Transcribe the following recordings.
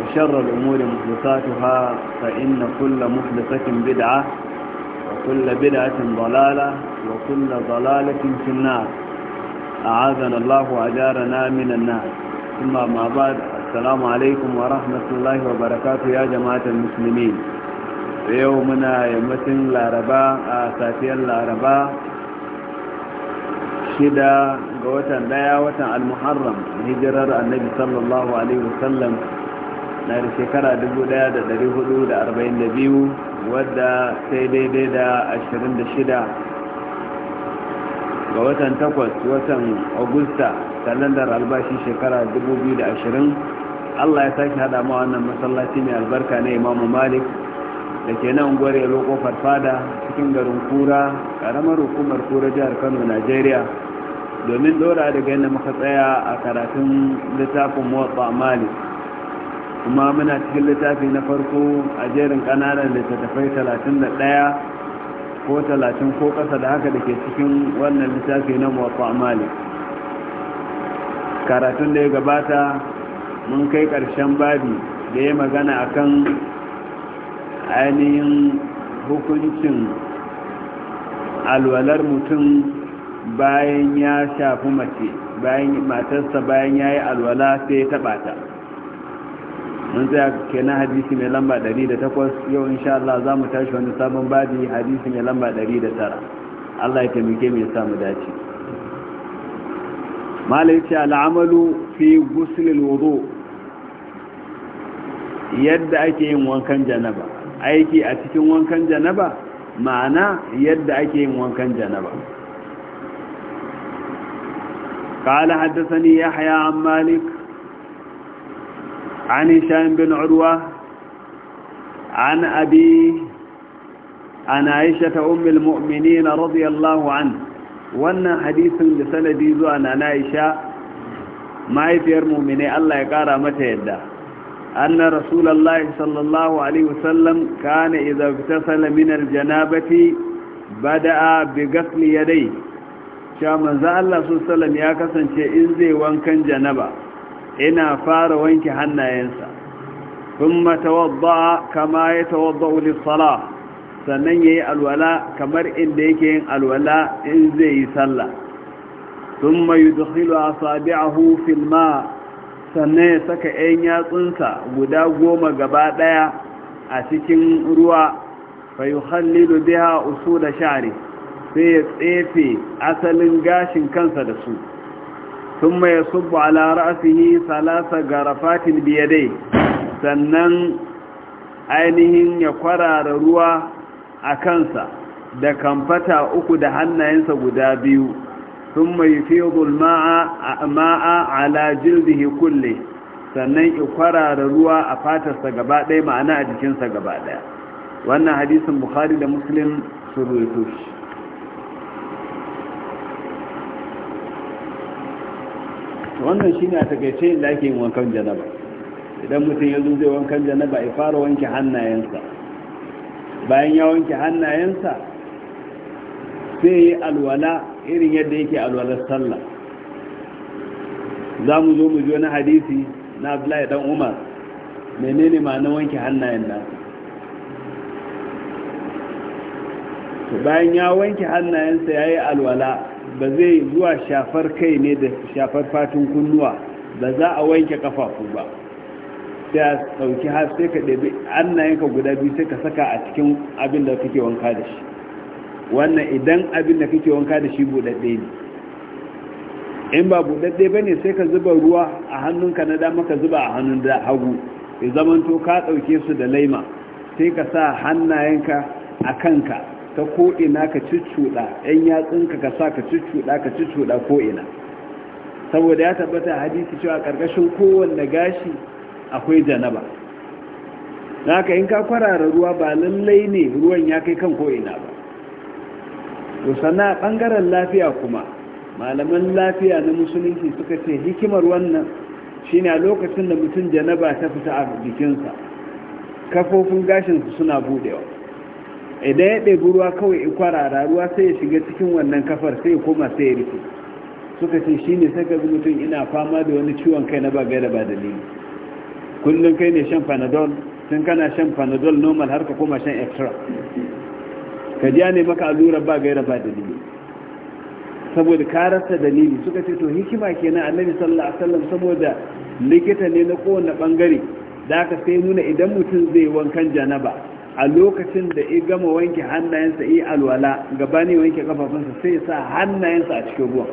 وشر الأمور محدثاتها فإن كل محدثة بدعة وكل بدعة ضلالة وكل ضلالة في النار أعاذنا الله وأجارنا من النار ثم ما بعد السلام عليكم ورحمة الله وبركاته يا جماعة المسلمين يومنا يمتن لارباء آساتيا آه، لارباء شدا قوة دايا وتن المحرم هجرر النبي صلى الله عليه وسلم na da shekara 1442 wadda sai daidai da 26 ga watan 8 watan augusta kalandar albashi shekara 2020 allah ya sake hada ma wannan masallaci mai albarka na imamu malik da ke nan gware kofar fada cikin garin kura karamar hukumar kura jihar kano nigeria domin dora daga yadda muka tsaya a karatun littafin motsa malik kuma muna cikin littafi na farko a jerin kananan littattafai 31 ko 30 ko ƙasa da haka da ke cikin wannan littafi na mawafa amali karatun da ya gabata mun kai ƙarshen babi da ya magana akan ainihin hukuncin alwalar mutum bayan ya shafi mace bayan matarsa bayan ya yi alwala sai ya taɓa ta mun tsaya kenan hadisi mai lamba 108 yau insha Allah za mu tashi wani sabon babi hadisi mai lamba 109 Allah ya taimake mu ya samu dace malai ce al'amalu fi guslil wudu yadda ake yin wankan janaba aiki a cikin wankan janaba ma'ana yadda ake yin wankan janaba قال حدثني يحيى عن مالك عن هشام بن عروة عن أبي عن عائشة أم المؤمنين رضي الله عنه وأن حديث لسندي ذو عن عائشة ما يفير مؤمني الله يقارى متى يدى أن رسول الله صلى الله عليه وسلم كان إذا اغتسل من الجنابة بدأ بغسل يديه شاء من ذا الله صلى الله عليه وسلم يا كسن شيء إنزي وان كان جنبه ina fara wanke hannayensa thumma tawadda kama ya tawadda lis-salah sannan ya yi alwala kamar inda yake yin alwala in zai yi sallah thumma yudkhilu a hufin ma sannan ya saka 'yan yatsunsa guda goma gaba daya a cikin ruwa da yukhallilu usu da sha'ri sai ya tsefe asalin gashin kansa da su ثم يصب على رأسه ثلاث غرفات بيديه sannan ainihin ya kwarara ruwa a kansa da kamfata uku da hannayensa guda biyu sun mai fi ma'a ala jildihi kulle sannan ya kwarara ruwa a fatarsa gaba ɗaya ma'ana a jikinsa gaba ɗaya wannan hadisin bukhari da muslim su wannan shine a takaice da ake yin wankan janaba idan mutum ya zo zai wankan janaba ya fara wanke hannayensa bayan ya wanke hannayensa sai ya yi alwala irin yadda yake alwalar sallah za mu zo mu ji wani hadisi na abdullahi dan umar menene ma na wanke hannayen nasa bayan ya wanke hannayensa ya yi alwala ba zai zuwa shafar kai ne da shafar fatin kunnuwa ba za a wanke kafafu ba sai a sauki har sai ka ɗabi annayenka guda biyu sai ka saka a cikin abin da kake wanka da shi wannan idan abin da kake wanka da shi buɗaɗɗe ne in ba buɗaɗɗe ba ne sai ka zuba ruwa a hannunka na dama ka zuba a hannun da hagu ya zamanto ka ɗauke su da laima sai ka sa hannayenka a kanka ta ko'ina ka cuccuɗa ‘yan yatsunka ka sa ka cuccuɗa ka cuccuɗa ko'ina saboda ya tabbata hadisi cewa ƙarƙashin kowanne gashi akwai janaba na haka in ka kwarara ruwa ba lallai ne ruwan ya kai kan ko'ina ba to sana ɓangaren lafiya kuma malaman lafiya na musulunci suka ce hikimar wannan shine a lokacin da mutum janaba ta fita a bikinsa, kafofin gashinsu suna budewa idan ya ɗebi ruwa kawai in kwarara ruwa sai ya shiga cikin wannan kafar sai ya koma sai ya rufe suka ce shi ne saka bi mutum ina fama da wani ciwon kai na bagai da ba dalili kullum kai ne shan panadol tun kana shan panadol normal har ka koma shan extra ka ji ne maka allurar ba da ba da dalili saboda ka rasa dalili suka ce to hikima kenan annabi sallallahu alaihi wasallam saboda likita ne na kowane bangare da aka sai nuna idan mutum zai wankan janaba a lokacin da ya gama wanke hannayensa yi alwala gabani wanke kafafunsa sai ya sa hannayensa a cikin ruwa.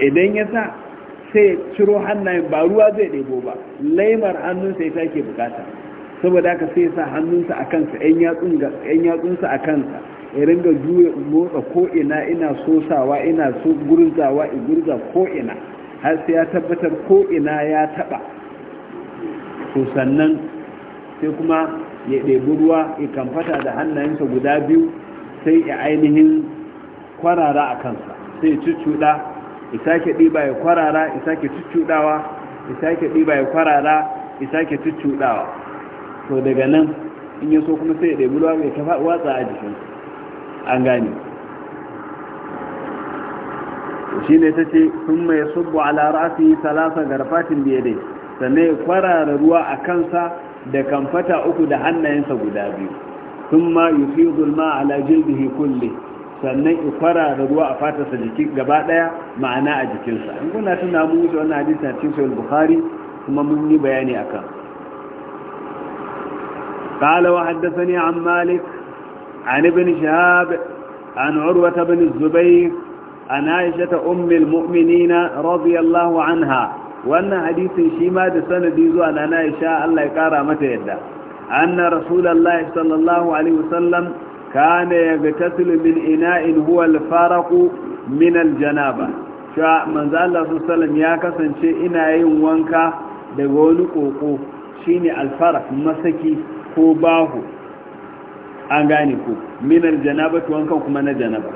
idan ya sa sai ciro hannayen ba ruwa zai ɗebo ba laimar hannunsa ya take bukata saboda haka sai ya sa hannunsa a kansa yan yatsunsa a kansa ya ringa juya motsa ko'ina ina sosawa ina so gurzawa in gurza ko'ina har sai ya tabbatar ko'ina ya taɓa to sannan sai kuma ya ɗebi ruwa ya kamfata da hannayensa guda biyu sai ya ainihin kwarara a kansa sai ya cuccuɗa ya sake ɗiba ya kwarara ya sake cuccuɗawa ya sake ɗiba ya kwarara ya sake cuccuɗawa to daga nan in ya so kuma sai ya ɗebi ruwa ya kafa watsa a jikin an gane shi ne ta ce sun mai subbu ala ra'asi salasa garfatin biyade sannan ya kwarara ruwa a kansa da kamfata uku da hannayensa guda biyu sun ma yi fi zulma ala jildihi kulle sannan fara da ruwa a fatarsa jiki gaba ɗaya ma'ana a jikinsa in kuna tuna mun wuce wannan hadisi a cikin sahih bukhari kuma mun yi bayani akan قال an Malik, مالك عن ابن an عن ta بن الزبير عن عائشة أم ummil رضي radiyallahu anha. wannan hadisin shi ma da sanadi zuwa na Aisha Allah ya kara mata yadda anna rasulullahi sallallahu alaihi wasallam kana yagtasilu min ina'in huwa al-faraqu min al-janaba sha manzo Allah sallallahu ya kasance ina yin wanka daga wani koko shine al-faraq masaki ko bahu an gane ku min al-janaba wankan kuma na janaba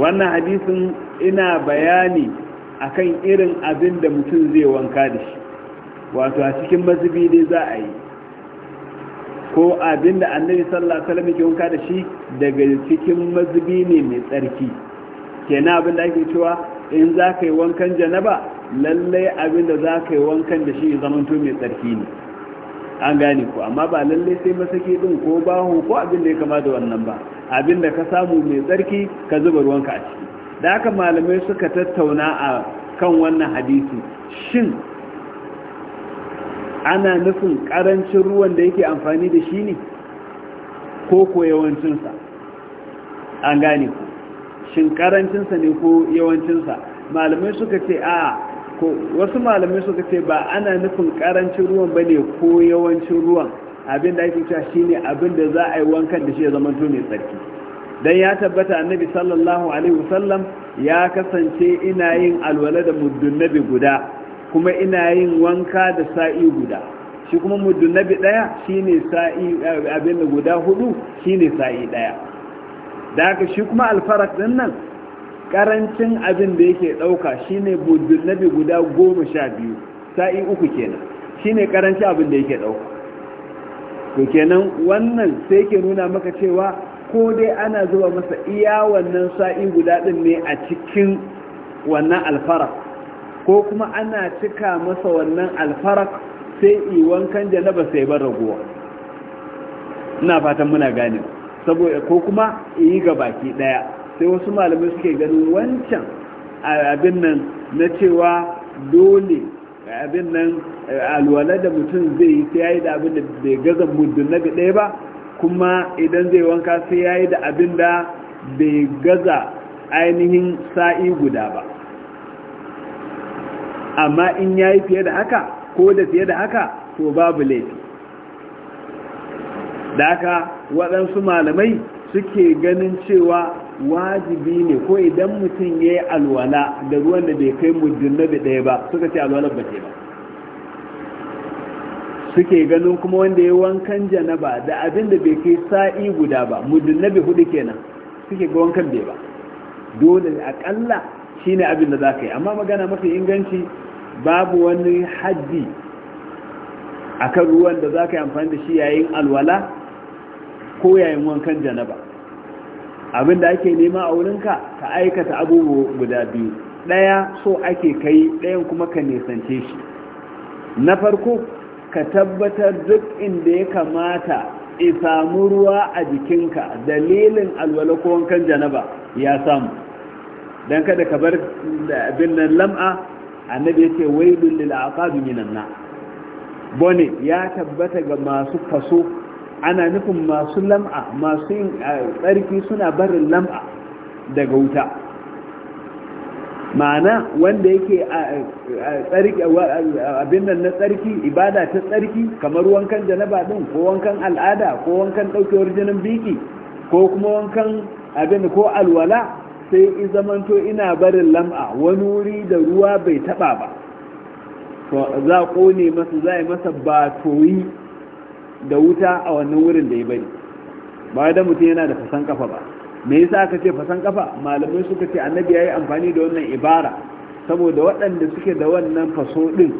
wannan hadisin ina bayani akan irin abin da mutum zai wanka da shi wato a cikin mazubi ne za a yi ko abin da annabi sallallahu alaihi wasallam yake wanka da shi daga cikin mazubi ne mai tsarki kenan abin da ake cewa in za ka yi wankan janaba lallai abin da za ka yi wankan da shi zamanto mai tsarki ne an gane ku amma ba lallai sai masaki din ko baho ko abin da ya kama da wannan ba abin da ka samu mai tsarki ka zuba ruwanka a ciki da haka malamai suka tattauna a kan wannan hadisi shin ana nufin karancin ruwan da yake amfani da shi ne ko ko yawancinsa an gane ku shin karancinsa ne ko yawancinsa malamai suka ce a ko wasu malamai suka ce ba ana nufin karancin ruwan ba ne ko yawancin ruwan abin da ake cewa shine abin da za a yi wankan da shi ya zama to mai tsarki dan ya tabbata annabi sallallahu alaihi wasallam ya kasance ina yin alwala da muddunnabi guda kuma ina yin wanka da sa'i guda shi kuma muddunnabi daya shine sa'i abin da guda hudu shine sa'i daya da haka shi kuma alfarak din nan karancin abin da yake dauka shine muddunnabi guda goma sha biyu sa'i uku kenan shine karancin abin da yake dauka to kenan wannan sai ke nuna maka cewa ko dai ana zuba masa iya wannan sa'i guda ɗin ne a cikin wannan alfarak ko kuma ana cika masa wannan alfarak sai iwankan janaba sai bar raguwa ina fatan muna gane saboda ko kuma yi ga baki ɗaya sai wasu malamai suke ganin wancan abin nan na cewa dole abin nan alwala da mutum zai yi sai ya da abin da bai gaza muddin na ɗaya ba kuma idan zai wanka sai ya yi da abin da bai gaza ainihin sa'i guda ba amma in ya yi fiye da haka ko da fiye da haka to babu laifi da haka waɗansu malamai suke ganin cewa wajibi ne ko idan mutum ya yi alwala da ruwan da bai kai muddin na ɗaya ba suka ce alwalar ba ce ba suke ganin kuma wanda ya wankan janaba da abin da bai kai sa'i guda ba mudunnabi hudu kenan suke ga wankan bai ba dole a kalla shine abin da za yi amma magana mafi inganci babu wani haddi akan ruwan da za yi amfani da shi yayin alwala ko yayin wankan janaba abin da ake nema a wurinka ka aikata abubuwa guda biyu ɗaya so ake kai ɗayan kuma ka nisance shi na farko ka tabbatar duk inda ya kamata ya samu ruwa a jikinka dalilin alwala ko janaba ya samu don kada ka bar abin nan lam'a annabi ya ce wailul lil aqabi minan na bone ya tabbata ga masu kaso ana nufin masu lam'a masu yin eh, tsarki suna barin lam'a daga wuta ma'ana wanda yake abin nan na tsarki ibada ta tsarki kamar wankan janaba din ko wankan al'ada ko wankan daukewar jinin biki ko kuma wankan abin ko alwala sai in zamanto ina barin lam'a wani wuri da ruwa bai taba ba za a ne masa za yi masa ba toyi da wuta a wannan wurin da ya bari ba da mutum yana da fasan kafa ba me yasa aka ce fasan kafa malamai suka ce annabi yayi amfani da wannan ibara saboda waɗanda suke da wannan faso din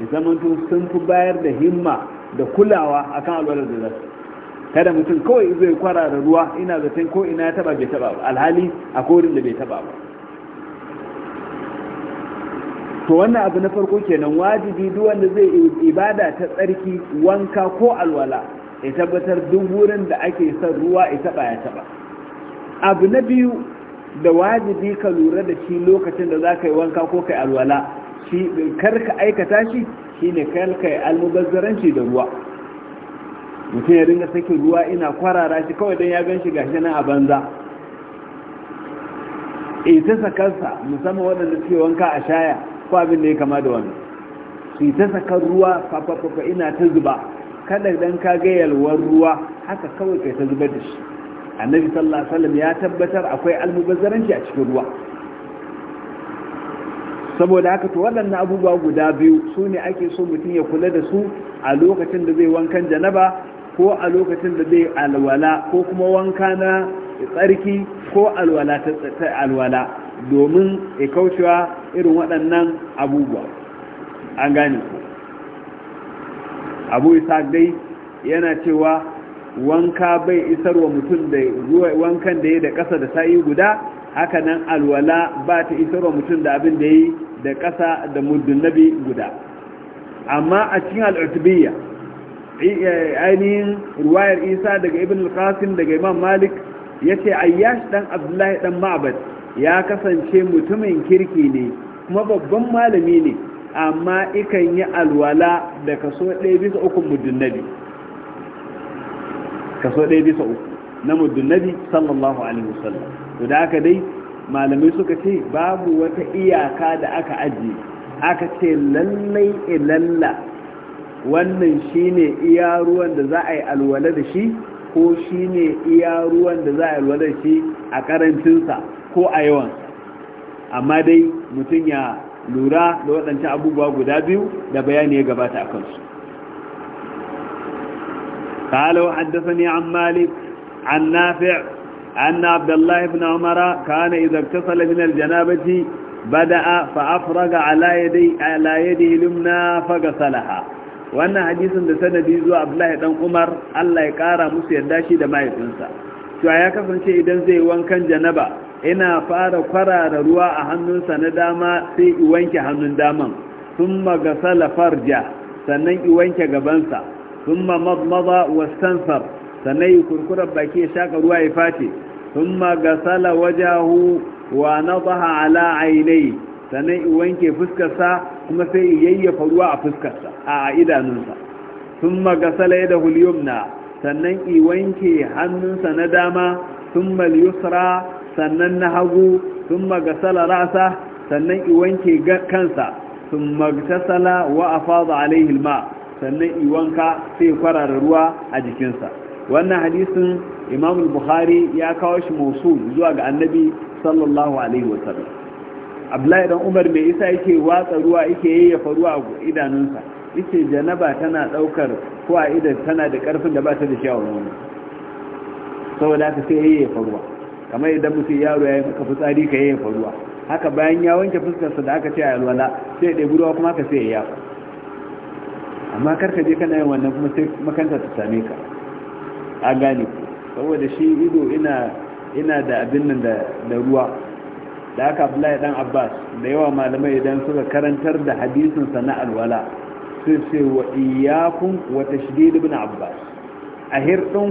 ya zamanto sun fi bayar da himma da kulawa akan alwalar da zasu kada mutum kawai zai kwara da ruwa ina zaton ko ina ya taba bai taba ba alhali a korin da bai taba ba to wannan abu na farko kenan wajibi duk wanda zai ibada ta tsarki wanka ko alwala ya tabbatar duk wurin da ake son ruwa ya taba ya taba abu na biyu da wajibi ka lura da shi lokacin da za ka yi wanka ko ka yi alwala shi kar ka aikata shi shi ne karka yi almubazzaranci da ruwa mutum ya dinga sakin ruwa ina kwarara shi kawai don ya gan shi gashi nan a banza e ta sakarsa musamman waɗanda suke wanka a shaya ko abin da ya kama da wani. su ta sakar ruwa fafafafa ina ta zuba kada dan ka ga yalwar ruwa haka kawai kai ta zubar da shi annabi sallallahu alaihi wasallam ya tabbatar akwai almubazzaranci a cikin ruwa saboda haka to waɗannan abubuwa guda biyu su ne ake so mutum ya kula da su a lokacin da zai wankan janaba ko a lokacin da zai alwala ko kuma wanka na tsarki ko alwala ta alwala domin ya kaucewa irin waɗannan abubuwa an gane ku abu isa dai yana cewa wanka bai isar mutum da wankan da ya da ƙasa da sa'i guda haka nan alwala ba ta isar wa mutum da abin da ya yi da ƙasa da muddin nabi guda amma a cikin al'utubiyya e, ainihin ruwayar isa daga ibn al-qasim daga imam malik ya ce ayyash dan abdullahi dan ma'bad ya kasance mutumin kirki ne kuma babban malami ne amma ikan yi alwala da kaso ɗaya bisa ukun muddin nabi kaso ɗaya bisa uku na muddin nabi sallallahu alaihi wasallam to da haka dai malamai suka ce babu wata iyaka da aka ajiye aka ce lallai ilalla e wannan shine iya ruwan da za a yi alwala da shi ko shine iya ruwan da za a yi alwala da shi a karancinsa ko a yawan amma dai mutum ya lura da waɗancan abubuwa guda biyu da bayani ya gabata a kansu قال وحدثني عن مالك عن نافع أن عبد الله بن عمر كان إذا اغتسل من الجنابة بدأ فأفرغ على يدي على يده اليمنى فغسلها wannan hadisin da sanadi zuwa Abdullahi dan Umar Allah ya kara musu yadda shi da mahaifinsa cewa ya kasance idan zai wankan janaba ina fara kwarara ruwa a hannunsa na dama sai i wanke hannun daman thumma gasala farja sannan i wanke gabansa thumma madmada wastansar sannan yi kurkurar baki ya shaka ruwa ya face thumma gasala wajahu wa nadaha ala ainai sannan in wanke fuskarsa kuma sai in yayyafa ruwa a fuskarsa a idanunsa thumma gasala yadahu al sannan in wanke hannunsa na dama thumma al sannan na hagu thumma gasala ra'sa sannan wanke kansa thumma gasala wa sannan iwanka sai kwarara ruwa a jikinsa wannan hadisin imam bukhari ya kawo shi mausul zuwa ga annabi sallallahu alaihi wasallam abdullahi dan umar mai isa yake watsa ruwa yake yayyafa ruwa a idanunsa yace janaba tana daukar ko a idan tana da karfin da ba ta da shi a wani saboda haka sai yayyafa ruwa kamar idan mutum yaro ya yi maka fitsari ka yayyafa ruwa haka bayan ya wanke fuskarsa da aka ce a alwala sai ya ɗebi ruwa kuma ka sai ya yafa amma karka je kana yin wannan kuma sai makanta ta same ka a gane saboda shi ido ina ina da abin nan da ruwa da aka abdullahi dan abbas da yawa malamai idan suka karantar da hadisin sa na alwala sai ce wa iyakun wa tashdid ibn abbas a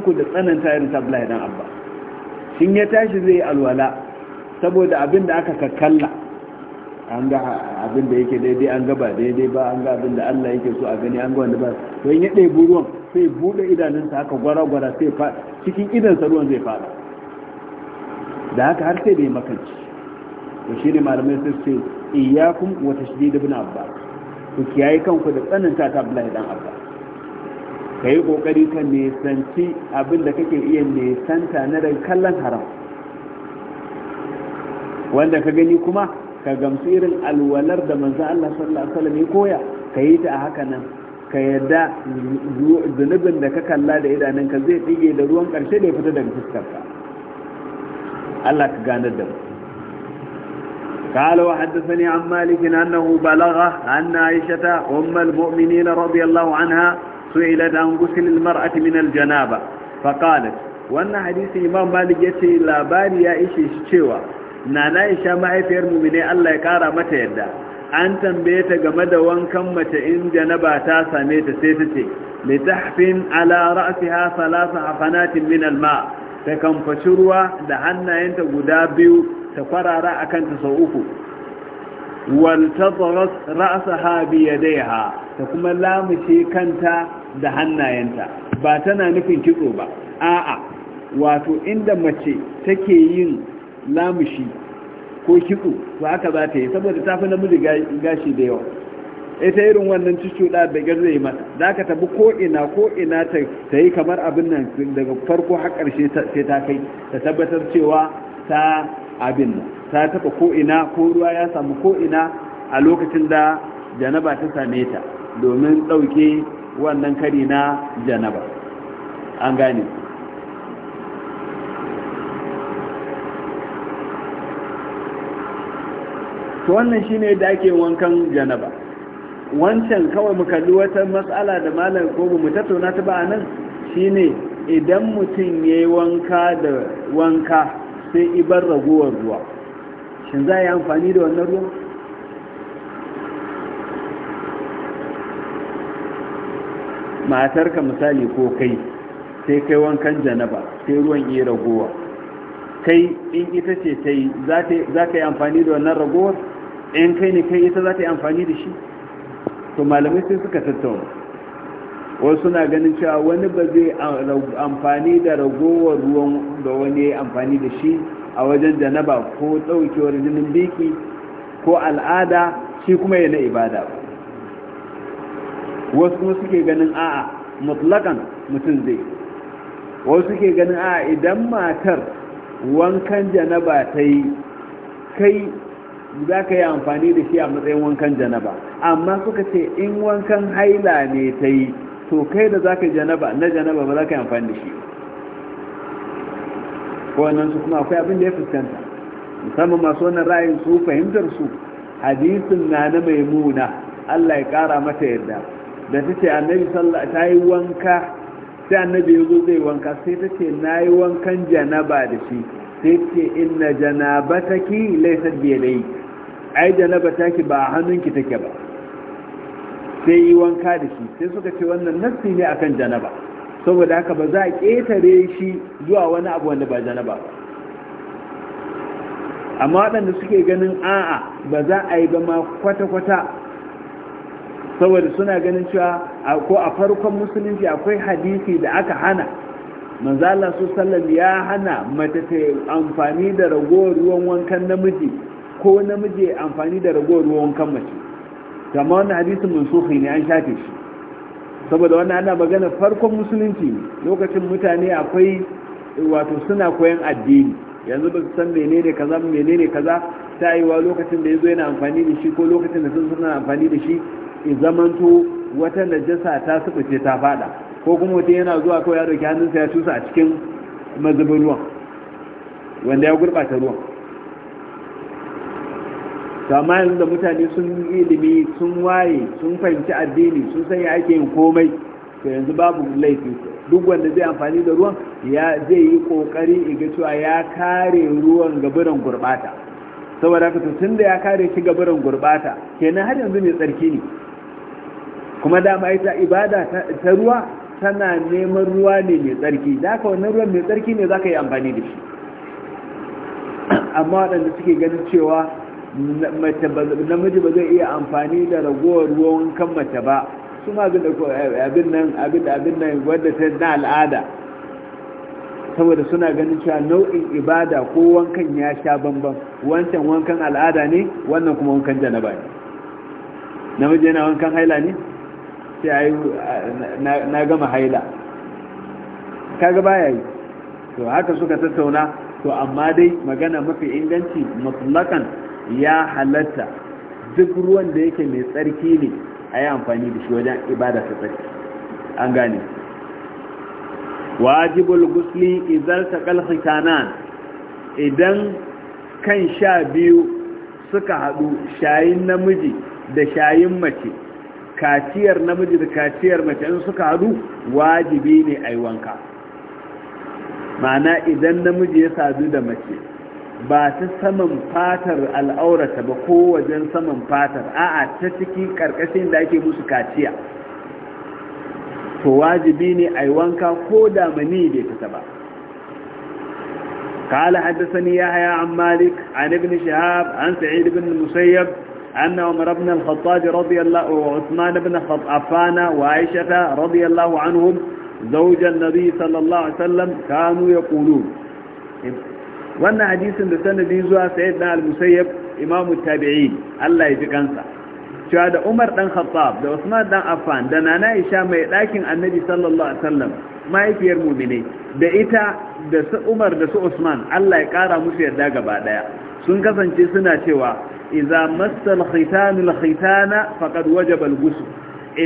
ku da tsananta irin ta abdullahi dan abbas shin ya tashi zai alwala saboda abin da aka kakkalla an ga abin da yake daidai an gaba daidai ba an ga abin da Allah yake so a gani an ga wanda ba to ya ɗebi ruwan sai buɗe idanunsa haka gwara-gwara sai fa cikin sa ruwan zai fara da haka har sai da ya makanci to shi ne malamai sai ce iyakum wa tashdid ibn abbas ku kiyaye kanku da tsananta ta Abdullahi dan abbas kai kokari ka santi abin da kake iya santa na da kallon haram wanda ka gani kuma ka gamsu irin alwalar da manzo Allah sallallahu alaihi wasallam ya koya ka yi ta a haka nan ka yadda zunubin da ka kalla da idanunka zai tsige da ruwan karshe da ya fita daga fuskarka Allah ka gane da mu قال وحدثني عن مالك أنه بلغ أن عائشة أم المؤمنين رضي الله عنها سئلت عن غسل المرأة من الجنابة فقالت wannan hadisi imam malik ya ce labari ya ishe shi cewa nana isha mahaifiyar ne Allah ya kara mata yadda an tambaye ta game da wankan mace in janaba ta same ta sai ta ce tahfin ala ra'siha thalatha hafanatin min alma ta kamfaci ruwa da hannayenta guda biyu ta kwarara akan ta sau uku wal tadras ra'saha bi yadayha ta kuma lamushe kanta da hannayenta ba tana nufin kitso ba a'a wato inda mace take yin lamushi ko kitso to haka za ta yi saboda ta fi namiji gashi da yawa ita eh, irin wannan cucuɗa da garzai mata za ka tabi ko'ina ko'ina ta yi kamar abin nan daga farko har karshe sai ta kai ta tabbatar cewa ta abin nan ta taɓa ko'ina ko ruwa ya samu ko'ina a lokacin da janaba ta same ta domin ɗauke wannan kari na janaba an gane to wannan shine da ake wankan janaba wancan kawai mu kalli wata matsala da malam ko mu tattauna ta ba nan shine idan mutum yayi wanka da wanka sai ibar raguwar ruwa shin za a yi amfani da wannan ruwan matarka misali ko kai sai kai wankan janaba sai ruwan iya ragowa kai in ita ce ta yi za ka yi amfani da wannan ragowar in kai ne kai ita za ta yi amfani da shi to malamai sai suka tattauna wasu na ganin cewa wani ba zai amfani da ragowar ruwan da wani ya amfani da shi a wajen janaba ko ɗaukewar jinin biki ko al'ada shi kuma yana ibada wasu kuma suke ganin a'a mutlakan mutum zai wasu suke ganin a'a idan matar wankan janaba ta yi kai za ka yi amfani da shi a matsayin wankan janaba amma suka ce in wankan haila ne ta yi to kai da za ka janaba na janaba ba za ka yi amfani da shi wannan su kuma akwai abin da ya fuskanta musamman masu wannan ra'ayin su fahimtar su hadisin na na maimuna Allah ya kara mata yarda da ta ce annabi sallah ta yi wanka sai annabi ya zo zai wanka sai ta ce na yi wankan janaba da shi sai ce inna janabataki da yi. ai janaba taki ba hannunki take ba sai yi wanka da shi sai suka ce wannan nassi ne akan janaba saboda haka ba za a ƙetare shi zuwa wani abu wanda ba janaba ba amma waɗanda suke ganin a'a ba za a yi ba ma kwata-kwata saboda suna ganin cewa ko a farkon musulunci akwai hadisi da aka hana manzala su sallam ya hana mata ta amfani da ragowar ruwan wankan namiji ko namiji ya amfani da ragowar ruwan kan mace kama wannan hadisin mansufi ne an shafe shi saboda wannan ana magana farkon musulunci lokacin mutane akwai wato suna koyan addini yanzu ba su san menene kaza menene kaza ta yiwa lokacin da yazo yana amfani da shi ko lokacin da sun suna amfani da shi in zamanto wata najasa ta sufuce ta fada ko kuma wata yana zuwa kawai ya dauki hannunsa ya cusa a cikin mazubin ruwan wanda ya gurɓata ruwan to amma yanzu da mutane sun ilimi sun waye sun fahimci addini sun sanya ake yin komai to yanzu babu laifi duk wanda zai amfani da ruwan ya zai yi kokari iga cewa ya kare ruwan gaburan gurbata saboda haka tun da ya kare shi gaburan gurbata kenan har yanzu mai tsarki ne kuma dama ita ibada ta ruwa tana neman ruwa ne mai tsarki da haka wannan ruwan mai tsarki ne za ka yi amfani da shi amma waɗanda suke ganin cewa namiji ba zai iya amfani da ragowar ruwan kan mace ba su ma abin nan abin nan wadda ta na al'ada saboda suna ganin cewa nau'in ibada ko wankan ya sha bambam wancan wankan al'ada ne wannan kuma wankan janaba ne namiji yana wankan haila ne sai yi na gama haila Ka ga baya yi to haka suka tattauna to amma dai magana mafi inganci mutlakan ya halatta duk ruwan da yake mai tsarki ne a yi amfani da shi wajen ibada ta tsarki an gane wajibul gusli idan taƙal hitanan idan kan sha biyu suka haɗu shayin namiji da shayin mace kaciyar namiji da kaciyar mace in suka haɗu wajibi ne a yi wanka ma'ana idan namiji ya sadu da mace ba ta saman fatar al'aurata ba ko wajen saman fatar a'a ta cikin karkashin da ake musu kaciya to wajibi ne a wanka ko da mani bai fita ba قال حدثني يحيى عن مالك عن ابن شهاب عن سعيد بن المسيب أن عمر بن الخطاب رضي الله وعثمان بن خطافان وعائشة رضي الله عنهم زوج النبي صلى الله عليه وسلم كانوا يقولون wannan hadisin da sanadi zuwa sayyid na al-musayyab imamu tabi'i Allah ya ji kansa cewa da Umar dan Khattab da Usman dan Affan da Nana Aisha mai dakin Annabi sallallahu alaihi wasallam mahaifiyar mu'mini da ita da su Umar da su Usman Allah ya kara musu yarda gaba daya sun kasance suna cewa idza massal al khitana faqad wajaba al-ghusl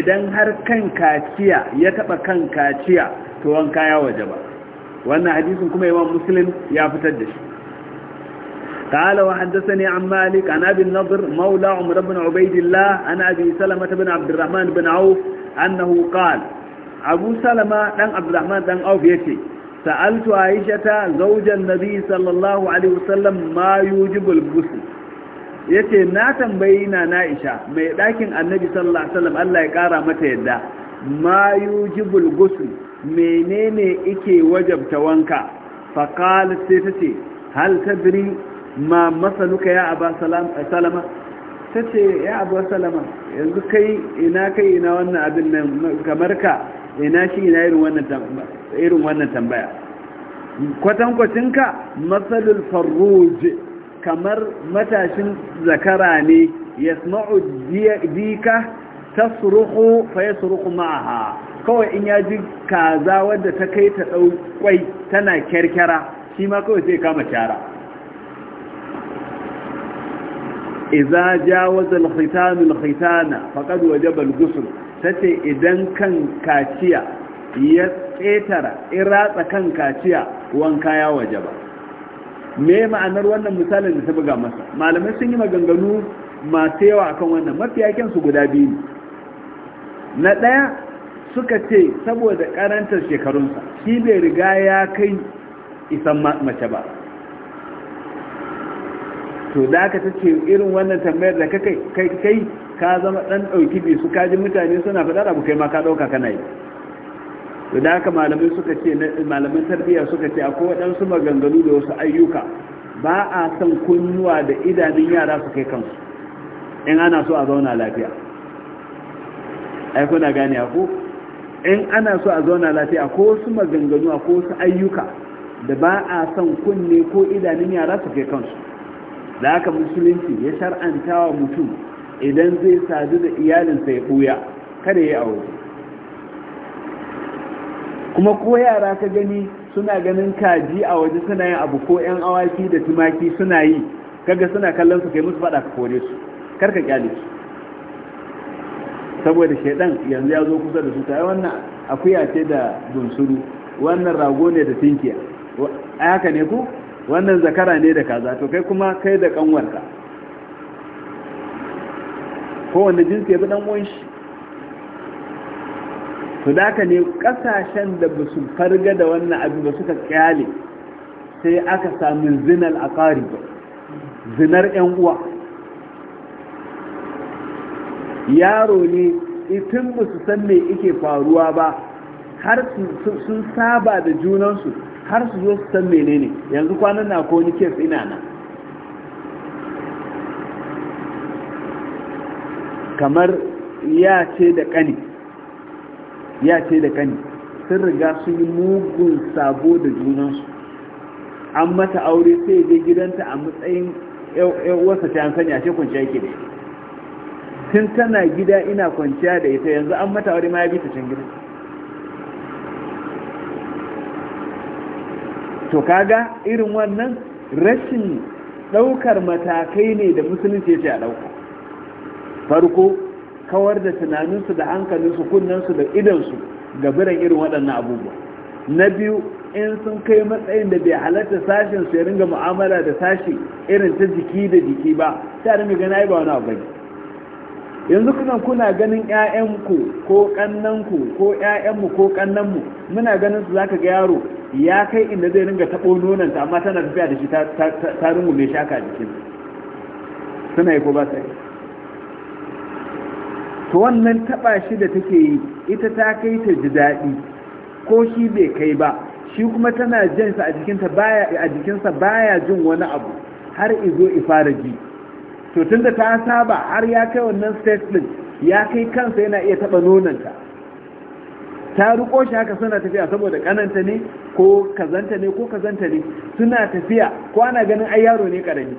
idan har kan kaciya ya taba kan kaciya to wanka ya wajaba wannan hadisin kuma imam muslim ya fitar da shi قال وحدثني عن مالك عن أبي النضر مولى عمر بن عبيد الله عن أبي سلمة بن عبد الرحمن بن عوف أنه قال أبو سلمة بن عبد الرحمن بن عوف يتي سألت عائشة زوج النبي صلى الله عليه وسلم ما يوجب الغسل yace na tambayi na Aisha mai ɗakin Annabi sallallahu alaihi wasallam Allah ya ƙara mata yadda ma yujibul ghusl menene ike wajabta wanka faƙal sai ta ce hal tadri ma masaluka ya abu salama ta ce ya abu salama yanzu kai ina kai ina wannan abin nan kamar ka ina shi ina irin wannan tambaya kwatankwacinka matsalul farruj kamar matashin zakara ne ya sma'u dika ta suruku fa ya suruku ma'aha kawai in ya ji kaza wadda ta kai ta ɗau tana kyarkyara shi ma kawai sai kama kyara iza jawaza al-khitan al-khitana faqad wajaba al-ghusl tace idan kan kaciya ya tsetara iratsa kan kaciya wanka ya wajaba me ma'anar wannan misalin da ta buga masa malamai sun yi maganganu masu yawa akan wannan mafiya su guda biyu na ɗaya suka ce saboda karantar shekarunsa shi bai riga ya kai isan mace ba to da aka ta ce irin wannan tambayar da kai kai ka zama dan dauki bi su kaji mutane suna faɗa abu kai ma ka ɗauka kana yi to da aka malamai suka ce malaman tarbiyya suka ce akwai waɗansu maganganu da wasu ayyuka ba a son kunnuwa da idanun yara su kai kansu in ana so a zauna lafiya ai kuna gane ku in ana so a zauna lafiya ko wasu maganganu ko wasu ayyuka da ba a son kunne ko idanun yara su kai kansu da haka musulunci ya shar'anta wa mutum idan zai sadu da iyalinsa ya buya kada ya yi aure kuma ko yara ka gani suna ganin kaji a waje suna yin abu ko 'yan awaki da tumaki suna yi kaga suna kallon su kai musu faɗa ka kore su karka kyale su saboda shaidan yanzu ya zo kusa da su ta wannan akuya ce da dunsuru wannan rago ne da tinkiya a haka ne ku wannan zakara ne da kaza to kai kuma kai da kanwarka wanda jinsi ya fi dan uwan shi to da haka ne kasashen da ba su farga da wannan abin ba suka kyale sai aka samu zinal aqarib zinar yan uwa yaro ne itin ba su san me yake faruwa ba har sun saba da junansu har su zo su san menene yanzu kwanan na ko ni ina na. kamar ya ce da kani ya ce da kani sun riga sun yi mugun sabo da junansu an mata aure sai je gidanta a matsayin wasa ta an sanya ce kwanciya ke da shi tun tana gida ina kwanciya da ita yanzu an mata wani ma ta can gida to kaga irin wannan rashin ɗaukar matakai ne da musulunci ya ce a dauka farko kawar da tunaninsu da hankalinsu kunnensu da idansu ga biran irin waɗannan abubuwa na biyu in sun kai matsayin da bai halatta sashen su ya ringa mu'amala da sashi irin ta jiki da jiki ba sai a ringa gana ba wani abu ne yanzu kuna kuna ganin ƴaƴanku ko ƙannanku ko ƴaƴanmu ko ƙannanmu muna ganin su zaka ga yaro ya kai inda zai ringa taɓo nonon ta amma tana tafiya da shi ta ta shi mai a jikin suna yi ko ba sai to wannan taba shi da take yi ita ta kai ta ji daɗi ko shi bai kai ba shi kuma tana jinsa a jikinsa baya jin wani abu har izo ifara ji to tunda ta saba har ya kai wannan state din ya kai kansa yana iya taba nonon ta ruko shi haka suna tafiya saboda kananta ne ko kazanta ne ko kazanta ne suna tafiya ko ana ganin ai yaro ne karami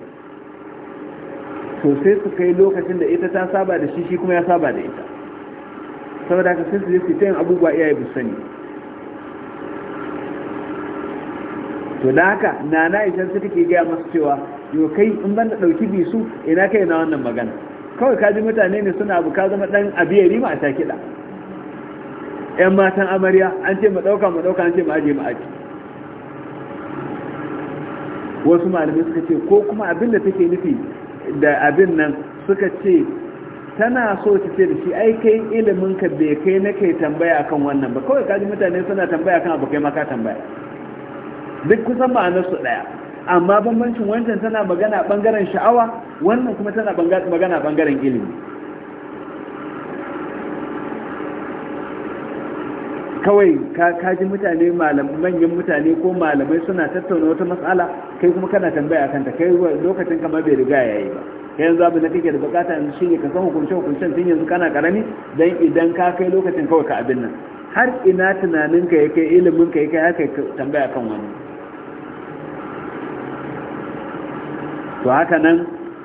to sai su kai lokacin da ita ta saba da shi shi kuma ya saba da ita saboda haka sai su je su ta yin abubuwa iyaye bu sani to da haka nana idan su take gaya masu cewa Yokai, in ban da ɗauki bisu ina kai na wannan magana kawai kaji mutane ne suna abu ka zama ɗan abiya rima a kiɗa ‘yan matan amarya an ce ma ɗauka ma ɗauka an ce ma aje ma aji wasu malamai suka ce ko kuma abin da take nufi da abin nan suka ce tana so ta ce da shi ai kai ilimin ka bai kai na kai tambaya akan wannan ba kawai kaji mutane suna tambaya kan abu kai ka tambaya duk kusan ma'anar su ɗaya amma bambancin wancan tana magana bangaren sha'awa wannan kuma tana magana bangaren ilimi kawai kaji mutane manyan mutane ko malamai suna tattauna wata matsala kai kuma kana tambaya kanta kai lokacin kamar bai riga ya yi ba kai yanzu abin da kake da bukata yanzu ne ka san hukunce hukuncen tun yanzu kana karami don idan ka kai lokacin kawai ka abin nan har ina tunaninka ya kai ilimin ka ya kai haka tambaya kan wani to haka nan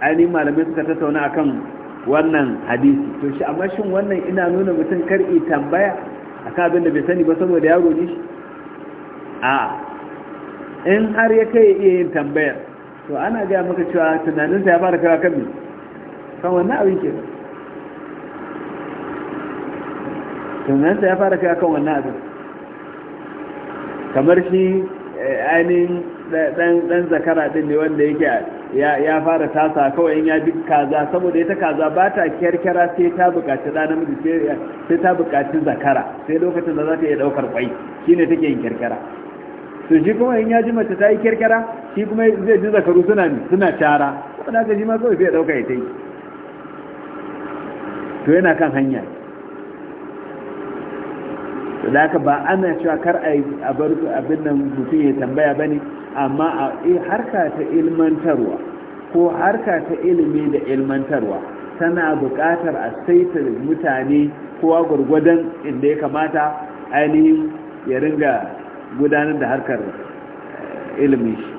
ainihin malamai suka tattauna akan wannan hadisi to shi amma shin wannan ina nuna mutum kar'i tambaya akan abin da bai sani ba saboda ya roƙi shi a in har ya kai iya yin tambayar to ana gaya maka cewa tunaninsa ya fara kawo kan kan wannan abin ke tunaninsa ya fara kawo kan wannan abin kamar shi eh, ainihin dan zakara din ne wanda yake ya fara tasa kawai in ya bi kaza saboda ita kaza ba ta kyarkyara sai ta bukaci da namiji sai ta bukaci zakara sai lokacin da za ta iya daukar kwai shine take yin kyarkyara to shi kuma in ya ji mace ta yi kyarkyara shi kuma zai ji zakaru suna suna tara saboda ka ji ma kawai sai ya dauka ya ta yi to yana kan hanya da haka ba ana cewa kar a bar abin nan mutum ya tambaya ba ne amma a harka ta ilmantarwa ko harka ta ilimi da ilmantarwa tana buƙatar a saita mutane kowa gwargwadon inda ya kamata ainihin ya ringa gudanar da harkar eh, ilimi shi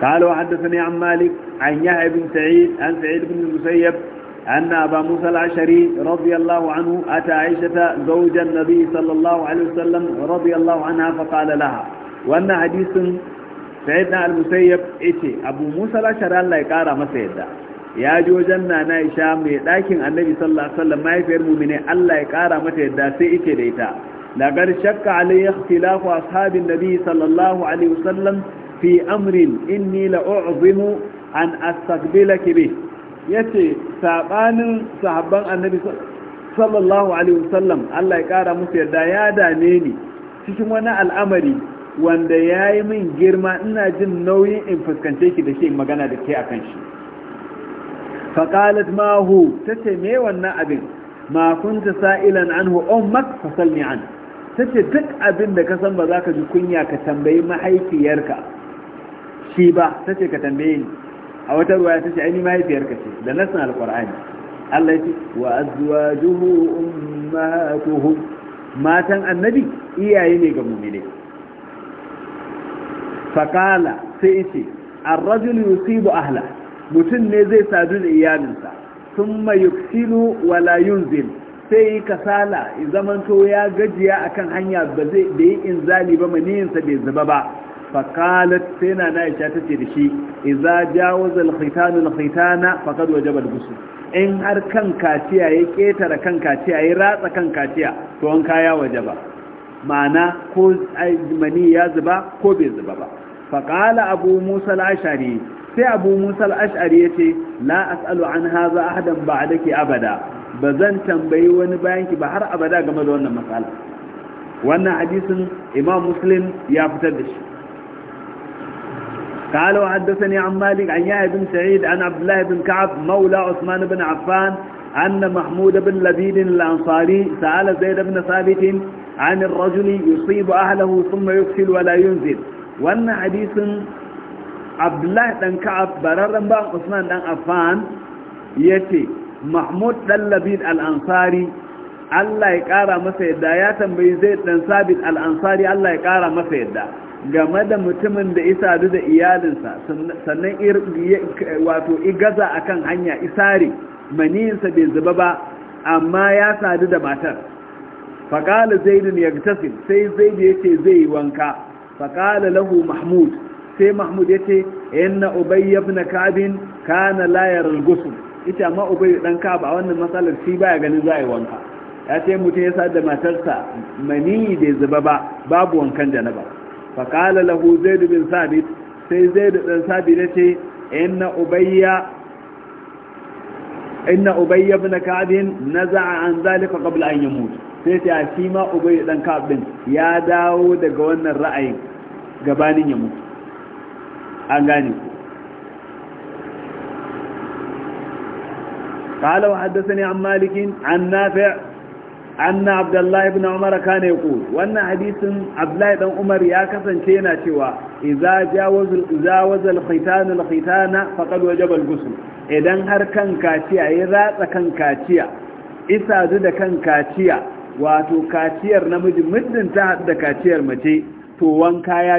قال وحدثني عن مالك عن يحيى بن سعيد عن سعيد بن المسيب أن أبا موسى العشري رضي الله عنه أتى عائشة زوج النبي صلى الله عليه وسلم رضي الله عنها فقال لها وأن حديث سيدنا المسيب إتي أبو موسى العشري الله يقارى ما سيدا يا جوجنا نائشة لكن النبي صلى الله عليه وسلم ما يفير مؤمنين الله يقارى ما سيدا سيئتي ديتا لقد شك علي اختلاف أصحاب النبي صلى الله عليه وسلم في أمر إني لأعظم أن أستقبلك به ya ce saɓanin sahabban annabi sallallahu alaihi wasallam Allah ya ƙara musu yarda ya dame ni cikin wani al'amari wanda ya yi min girma ina jin nauyin in fuskance ki da ke magana da ke akan shi faƙalat mahu ta ce me wannan abin ma kunta sa'ilan anhu Fasal fasalni an ta ce duk abin da ka san ba za ka ji kunya ka tambayi mahaifiyarka shi ba ta ce ka tambaye ni a wata ruwa ya sace, ainihin mahaifiyarka ce da nasan alqur'ani Allah ya ce wa azwajuhu ummatuhum matan annabi iyaye ne ga mu'mini faqala sai ce ar-rajul yusibu ahla mutum ne zai sadu da iyalinsa thumma yuksilu wala yunzil sai yi kasala zamanto ya gajiya akan hanya ba zai da yi inzali ba maniyinsa bai zuba ba fakalat sai na na ta ce da shi iza jawaza alkhitanu alkhitana faqad wajaba alghusl in har kan kaciya ya ketara kan kaciya ya ratsa kan kaciya to an waje ba, ma'ana ko mani ya zuba ko bai zuba ba faqala abu musa al-ashari sai abu musa al'ash'ari ya ce la an haza ahadan ba a abada bazan tambayi wani bayanki ba har abada game da wannan matsala wannan hadisin imam muslim ya fitar da shi قال وحدثني عن مالك عن يحيى بن سعيد عن عبد الله بن كعب مولى عثمان بن عفان أن محمود بن لبيد الأنصاري سأل زيد بن ثابت عن الرجل يصيب أهله ثم يكسل ولا ينزل وأن حديث عبد الله بن كعب برر بن عثمان بن عفان يتي محمود بن لبيد الأنصاري الله ya ƙara masa yadda ya tambayi zai ɗan sabit al'ansari Allah ya ƙara game da mutumin da sadu da iyalinsa sannan wato igaza kan hanya Isari, maniyinsa bai zuba ba amma ya sadu da matar faƙala zaidun ya tasin sai zaidu ya ce zai yi wanka faƙala lahu mahmud sai mahmud ya ce na obai ya fi na kabin kana layar gusul ita ma obai ɗan ka a wannan matsalar shi ya ganin za a yi wanka ya ce mutum ya sadu da matarsa maniyi bai zuba ba babu wankan janaba faƙala lahu zaidu bin sabit sai zaidu ɗan sabit ya ce inna ubayya inna ubayya bin ka'abin na za'a an zalika qabla an mutu, sai ta shi ma ubayya ɗan ka'abin ya dawo daga wannan ra'ayin gabanin ya mutu an gane ku قال وحدثني عن مالك عن نافع anna abdullahi ibn umar kana yaqul wannan hadisin abdullahi dan umar ya kasance yana cewa idza jawaza idza waza khitan al-khitana faqad wajaba al-ghusl idan har kan kaciya ya ratsa kan kaciya isa da kan kaciya wato kaciyar namiji muddin ta hadu da kaciyar mace to wanka ya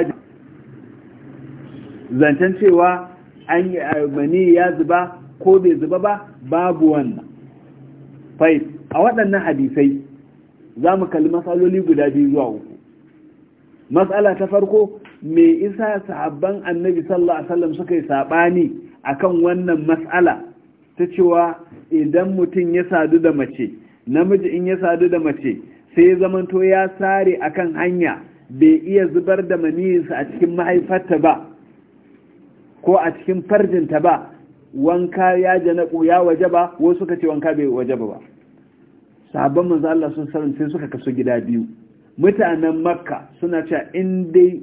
zancen cewa an mani ya zuba ko bai zuba ba babu wannan fai a waɗannan hadisai za mu kalli matsaloli guda biyu zuwa uku matsala ta farko me isa sahabban annabi sallallahu alaihi wasallam suka yi saɓani a kan wannan matsala ta cewa idan mutum ya sadu da mace namiji in ya sadu da mace sai ya zamanto ya sare a kan hanya bai iya zubar da maniyinsa a cikin mahaifarta ba ko a cikin farjinta ba wanka ya janaku ya waje ba wasu suka ce wanka bai waje ba sabon manzo Allah sun sanin sai suka kaso gida biyu mutanen makka suna cewa in dai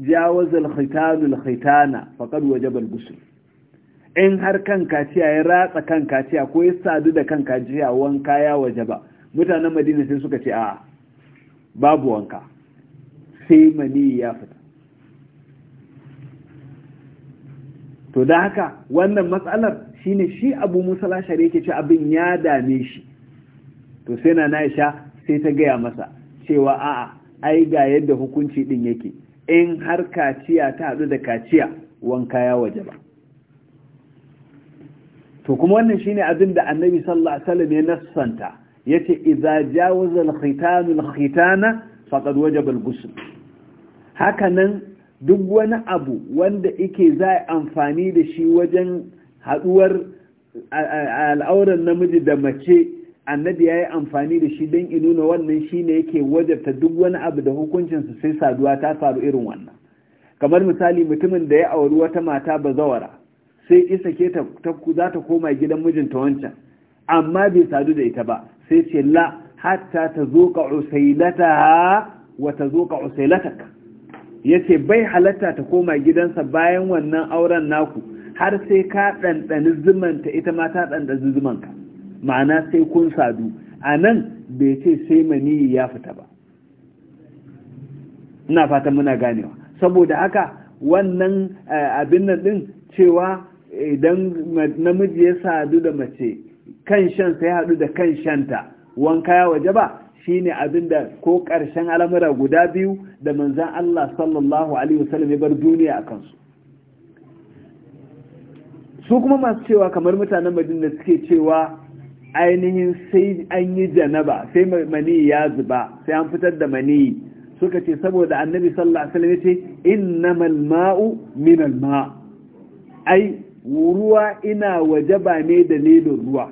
jawaza al-khitanu al-khitana faqad wajaba al-ghusl in har kan kaciya ya ratsa kan kaciya ko ya sadu da kan kaciya wanka ya wajaba mutanen madina sai suka ce a babu wanka sai mani ya fita to da haka wannan matsalar shine shi abu musala shari'a ke ce abin ya dame shi to sai na Aisha sai ta gaya masa cewa a'a ai ga yadda hukunci din yake in har kaciya ta hadu da kaciya wanka ya waje ba to kuma wannan shine abin da annabi sallallahu alaihi wasallam ya nassanta yace idza jawaza al-khitan al-khitana faqad wajaba al-ghusl hakanan duk wani abu wanda yake za amfani da shi wajen haduwar al'auran namiji da mace annabi ya yi amfani da shi don inuna wannan shi ne yake wajabta duk wani abu da hukuncinsa sai saduwa ta faru irin wannan kamar misali mutumin da ya auri wata mata bazawara sai isa ke za ta koma gidan mijinta wancan amma bai sadu da ita ba sai ce la hatta ta zo ka usailata wa ta zo ka usailataka ya ce bai halatta ta koma gidansa bayan wannan auren naku har sai ka ɗanɗani zumanta ita ma ta ɗanɗani zumanka ma'ana sai kun sadu a nan bai ce sai mani ya fita ba ina fatan muna ganewa saboda haka wannan eh, abin nan din cewa idan namiji ya sadu da mace kan shansa ya hadu da kan shanta wanka ya waje ba shine abin da ko ƙarshen al'amura guda biyu da manzan Allah sallallahu alaihi wasallam ya bar duniya a kansu su kuma masu cewa kamar mutanen madina suke cewa ainihin sai an yi janaba sai mani ya zuba sai an fitar da mani suka ce saboda annabi sallallahu alaihi wasallam yace innamal ma'u al ma' ai ruwa ina wajaba ne da dalilin ruwa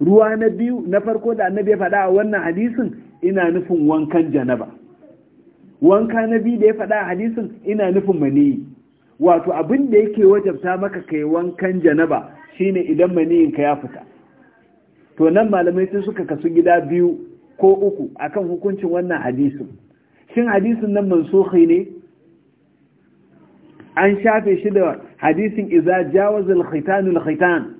ruwa na biyu na farko da annabi ya faɗa a wannan hadisin ina nufin wankan janaba wanka na biyu da ya faɗa a hadisin ina nufin mani wato abin da yake wajabta maka kai wankan janaba shine idan maniyinka ya fita to nan malamai sai suka kasu gida biyu ko uku akan hukuncin wannan hadisin shin hadisin nan mansukhi ne an shafe shi da hadisin iza jawazul khitanul khitan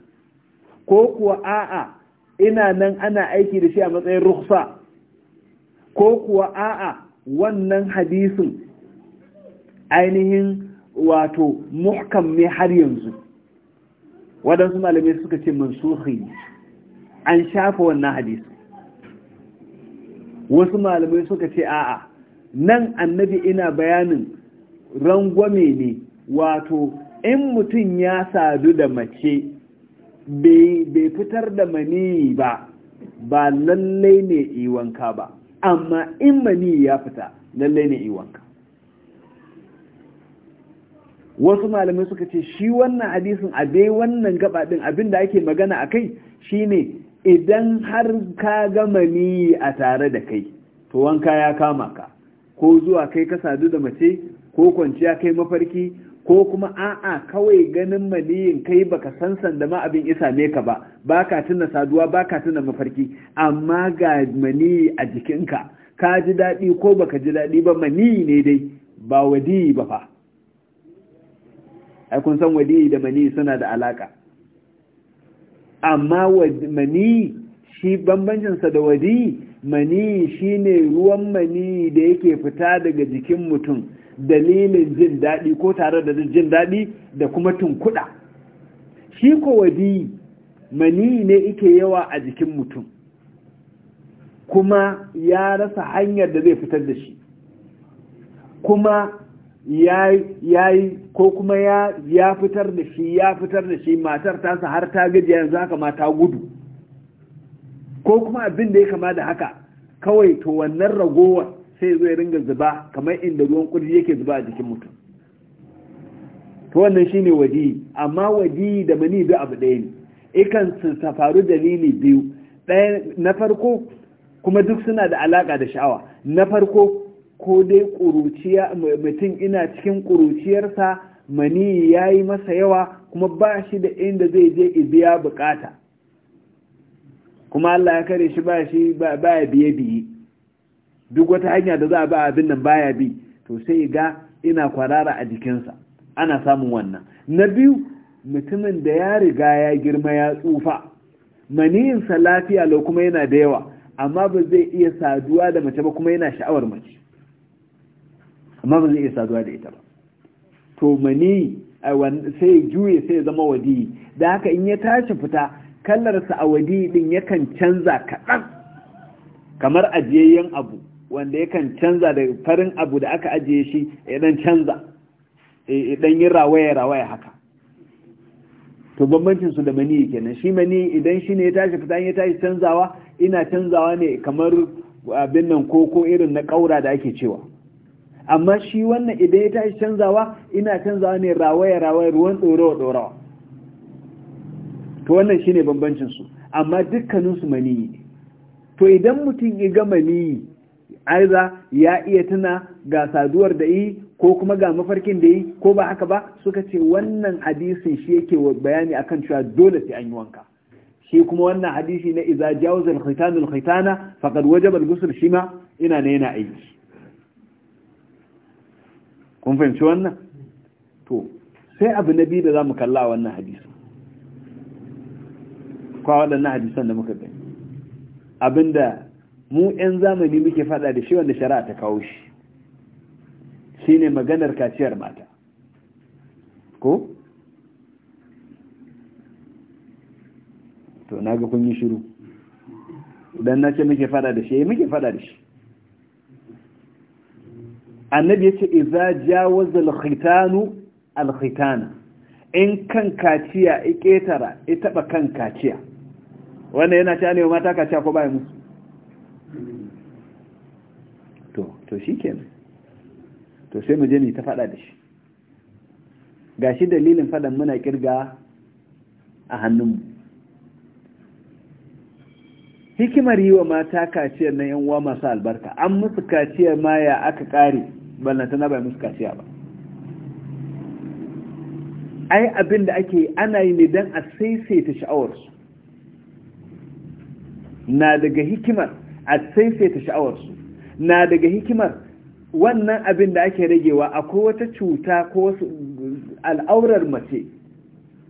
ko kuwa a'a ina nan ana aiki da shi a matsayin ruksa. ko kuwa a'a wannan hadisin ainihin wato muhkam ne har yanzu waɗansu malamai suka ce mansukhi ne an shafa wannan hadisi wasu malamai suka ce a'a nan annabi ina bayanin rangwame ne wato in mutum ya sadu da mace bai fitar da maniyi ba ba lallai ne iwanka ba amma in maniyi ya fita lallai ne iwanka wasu malamai suka ce shi wannan hadisin a dai wannan gabaɗin abinda ake magana a kai shine idan har ka gama ni a tare da kai to wanka ya kama ka ko zuwa kai ka sadu da mace ko kwanciya kai mafarki ko kuma a'a kawai ganin maniyin kai baka san sanda ma abin isa ne ka ba baka tuna saduwa baka tuna mafarki amma ga maniyi a jikinka ka ji daɗi ko baka ji daɗi ba maniyi ne dai ba wadiyi ba fa ai kun san wadiyi da maniyi suna da alaka amma mani shi bambancinsa da wadi mani shi ne ruwan mani da yake fita daga jikin mutum dalilin jin daɗi ko tare da jin daɗi da kuma tunkuɗa shi ko wadi mani ne ike yawa a jikin mutum kuma ya rasa hanyar da zai fitar da shi kuma ya yi ko kuma ya fitar da shi ya fitar da shi matar tasa har ta gajiya yanzu haka ma ta gudu ko kuma abin da ya kama da haka kawai to wannan ragowar sai zai ringa zuba kamar inda ruwan kudi yake zuba a jikin mutum to wannan shine wadi amma wadi da mani bi abu ɗaya ne ikan su faru dalili biyu ɗaya na farko kuma duk suna da alaka da sha'awa na farko ko dai ƙuruciya mutum ina cikin ƙuruciyarsa mani ya yi masa yawa kuma ba shi da inda zai je biya bukata kuma Allah ya kare shi ba shi ba ya biye biye duk wata hanya da za a ba abin nan baya bi to sai ga ina kwarara a jikinsa ana samun wannan na biyu mutumin da ya riga ya girma ya tsufa maniyinsa lafiya lau kuma yana da yawa amma ba zai iya saduwa da mace ba kuma yana sha'awar mace amma ba zai iya saduwa da ita ba to mani sai juye sai zama wadi da haka in ya tashi fita kallarsa a wadi din yakan canza kaɗan kamar ajiyayyen abu wanda yakan canza da farin abu da aka ajiye shi ya dan canza idan eh, yi rawaya rawaya haka to bambancin su da mani kenan shi mani idan shi ne ya tashi fita ya tashi canzawa ina canzawa ne kamar abin nan koko irin na kaura da ake cewa amma shi wannan idan ya tashi canzawa ina canzawa ne rawaya rawaya ruwan ɗorawa ɗorawa to wannan shine bambancin su amma dukkanin su maniyi ne to idan mutum ya ga maniyi aiza ya iya tuna ga saduwar da yi ko kuma ga mafarkin da yi ko ba haka ba suka ce wannan hadisin shi yake bayani akan cewa dole sai an yi wanka shi kuma wannan hadisi na iza jawazal khitanul khitana faqad wajaba al-ghusl shima ina ne yana aiki kun fahimci wannan to sai abu na biyu da za mu kalla wannan hadisi kwa waɗannan hadisan da muka gani abinda mu 'yan zamani muke fada da shi wanda shari'a ta kawo shi shine maganar kaciyar mata ko to na ga kun yi shiru idan na ce muke fada da shi eh, muke fada da shi annabi yace idza jawaza al-khitanu al-khitana in kan kaciya i ketara i taba kan kaciya wannan yana ta ne mata kaciya ko bai musu to to shikenan to sai mu je ni ta fada da shi gashi dalilin fadan muna kirga a hannunmu hikimar yi wa mata kaciyar na yan uwa masu albarka an musu kaciyar ma ya aka kare ballantana bai musu kaciya ba ai abin da ake ana yi ne don a saisaita sha'awarsu na daga hikimar a saisaita sha'awarsu na daga hikimar wannan abin da ake ragewa akwai wata cuta ko wasu al'aurar mace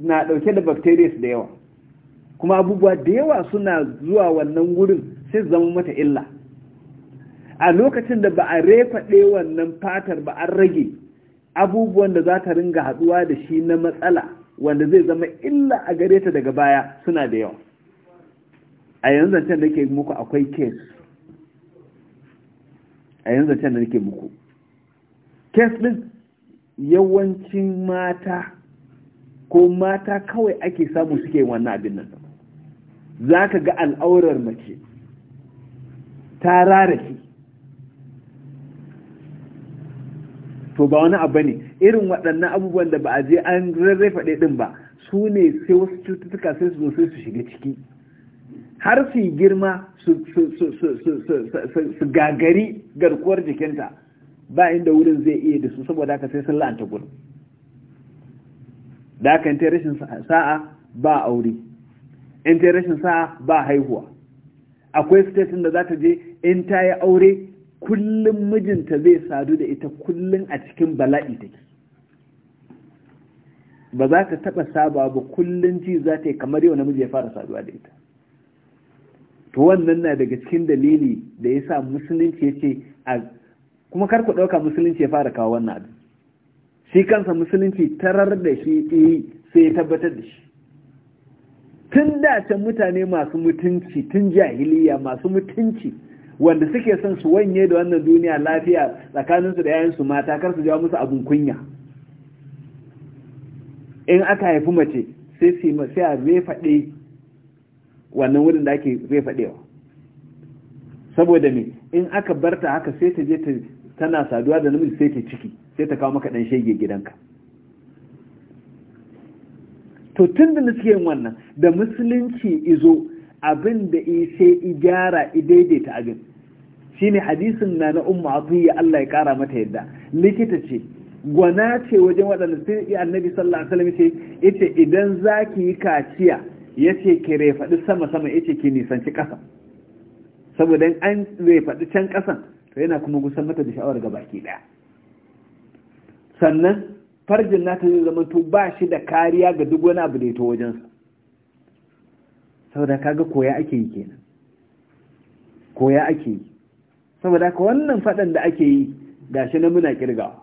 na dauke da bacterias da yawa kuma abubuwa da yawa suna zuwa wannan wurin sai zama mata illa a lokacin da ba a refaɗe wannan fatar ba an rage abubuwan da za ta ringa haɗuwa da shi na matsala wanda zai zama illa a gare ta daga baya suna da yawa a yanzu zancen da ke muku akwai kes a yanzu zancen da ke muku kes ɗin yawancin mata ko mata kawai ake samu suke wannan abin nan za ka ga al'aurar mace ta rara shi. to ba wani abu ne irin waɗannan abubuwan da ba a je an rarrafa ɗin ba su ne sai wasu cututtuka sai su zo sai su shiga ciki har su yi girma su gagari garkuwar jikinta ba inda wurin zai iya da su saboda haka sai sun la'anta gurin da haka in rashin sa'a ba aure in rashin sa'a ba haihuwa akwai statin da za ta je in ta yi aure kullum mijinta zai sadu da ita kullum a cikin bala'i take ba za ta taɓa saba ba kullum ji za ta yi kamar yau namiji ya fara saduwa da ita to wannan na daga cikin dalili da ya sa musulunci ya ce a kuma karku ɗauka musulunci ya fara kawo wannan abin shi kansa musulunci tarar da shi sai ya tabbatar da shi tun da can mutane masu mutunci tun jahiliya masu mutunci wanda suke son su wanye da wannan duniya lafiya tsakaninsu da yayansu mata kar su jawo musu abun kunya in aka haifi mace sai sai a refaɗe wannan wurin da ake refaɗewa saboda me in aka barta haka sai ta je ta tana saduwa da namiji sai ta ciki sai ta kawo maka ɗan shege gidanka to tun da suke yin wannan da musulunci izo abin da sai i gyara i daidaita abin Shi ne hadisin na na umma atiyya Allah ya kara mata yadda likita ce gwana ce wajen waɗanda sai annabi sallallahu alaihi wasallam ce idan idan zaki yi kaciya ya ce ki faɗi sama sama ya ce ki nisanci ƙasa saboda an faɗi can ƙasan to yana kuma gusan mata da sha'awar ga baki ɗaya sannan farjin nata zai zama to ba shi da kariya ga duk wani abu da ya to wajensa saboda kaga koya ake yi kenan koya ake yi saboda ka wannan fadan da ake yi gashi na muna kirgawa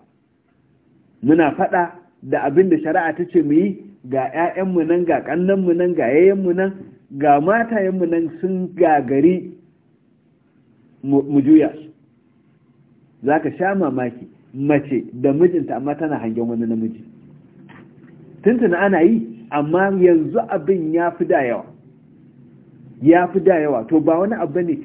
muna fada da abin da shari'a ta ce mu yi ga 'ya'yanmu nan ga kannanmu nan ga yayyanmu nan ga matayenmu nan sun gagari mu juya su za ka sha mamaki mace da mijinta amma tana hangen wani namiji tuntuna ana yi amma yanzu abin ya fi da yawa ya fi da yawa to ba wani abu ne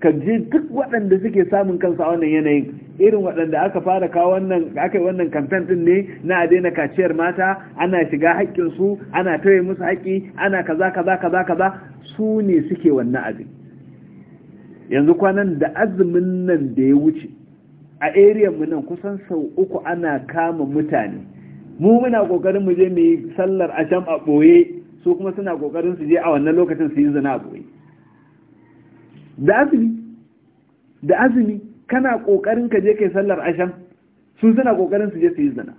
ka je duk waɗanda suke samun kansu a wannan yanayin irin waɗanda aka fara kawo wannan aka yi wannan kamfen ɗin ne na a daina kaciyar mata ana shiga haƙƙinsu ana tawaye musu haƙƙi ana kaza kaza kaza kaza su ne suke wannan abin yanzu kwanan da azumin nan da ya wuce a eriyan mu nan kusan sau uku ana kama mutane mu muna kokarin mu je mu yi sallar asham a ɓoye su kuma suna kokarin su je a wannan lokacin su yi zina goyi da azumi da azumi kana kokarin ka je kai sallar ashan su suna kokarin su je su yi zina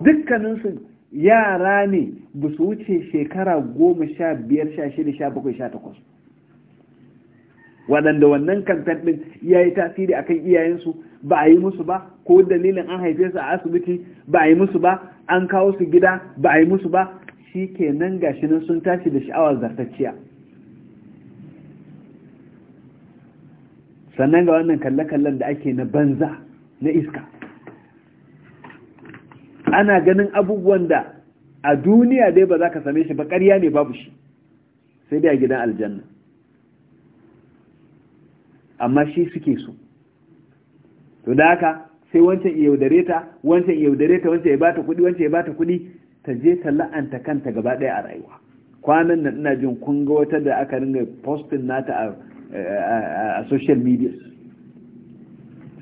dukkanin su yara ne ba su wuce shekara goma sha biyar sha shida sha bakwai sha takwas waɗanda wannan kantar ɗin ya yi tasiri akan iyayensu ba a yi musu ba ko dalilin an haife su a asibiti ba a yi musu ba an kawo su gida ba a yi musu ba shi ke nan gashi nan sun tashi da sha'awar zartacciya sannan ga wannan kalle-kallen da ake na banza na iska ana ganin abubuwan da a duniya dai ba za ka same shi ba ƙarya ne babu shi sai dai a gidan aljanna amma shi suke so to da haka sai wancan yaudare ta wancan yaudare ta wancan ya bata kudi wancan ya bata kudi ta je ta la'anta kanta gaba ɗaya a rayuwa kwanan nan ina jin kun ga wata da aka ringa postin nata a social media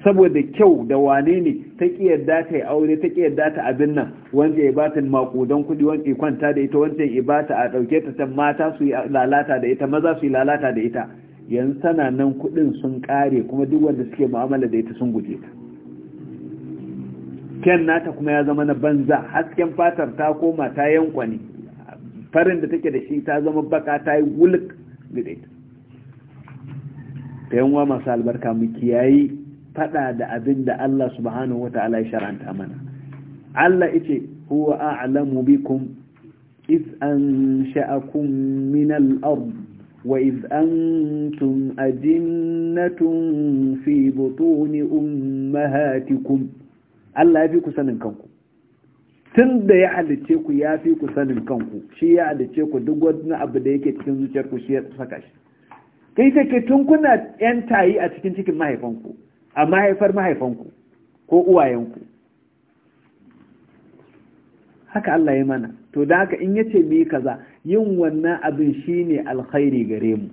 saboda kyau da wane ne ta ki yarda ta yi aure ta ki yarda ta abin nan wanda ya bata makudan kudi wanda ya kwanta da ita wanda ya bata a dauke ta ta mata su yi lalata da ita maza su yi lalata da ita yanzu tana nan kudin sun kare kuma duk wanda suke mu'amala da ita sun guje ta ken nata kuma ya zama na banza hasken fatar ta koma ta yankwa ne farin da take da shi ta zama baka ta yi da gudai ta yanwa masu albarka mu kiyayi fada da abin da Allah subhanahu wa ta'ala ya shar'anta mana Allah yace huwa a'lamu bikum iz sha'akum min al-ard wa iz antum ajinnatun fi butuni ummahatikum Allah ya fi ku sanin kanku tun da ya halice ku ya fi ku sanin kanku shi ya halice ku duk wani abu da yake cikin zuciyar ku shi ya saka shi kai take tun kuna yan tayi a cikin cikin mahaifanku a mahaifar mahaifanku ko uwayenku haka Allah ya mana to da haka in yace mu yi kaza yin wannan abin shine alkhairi gare mu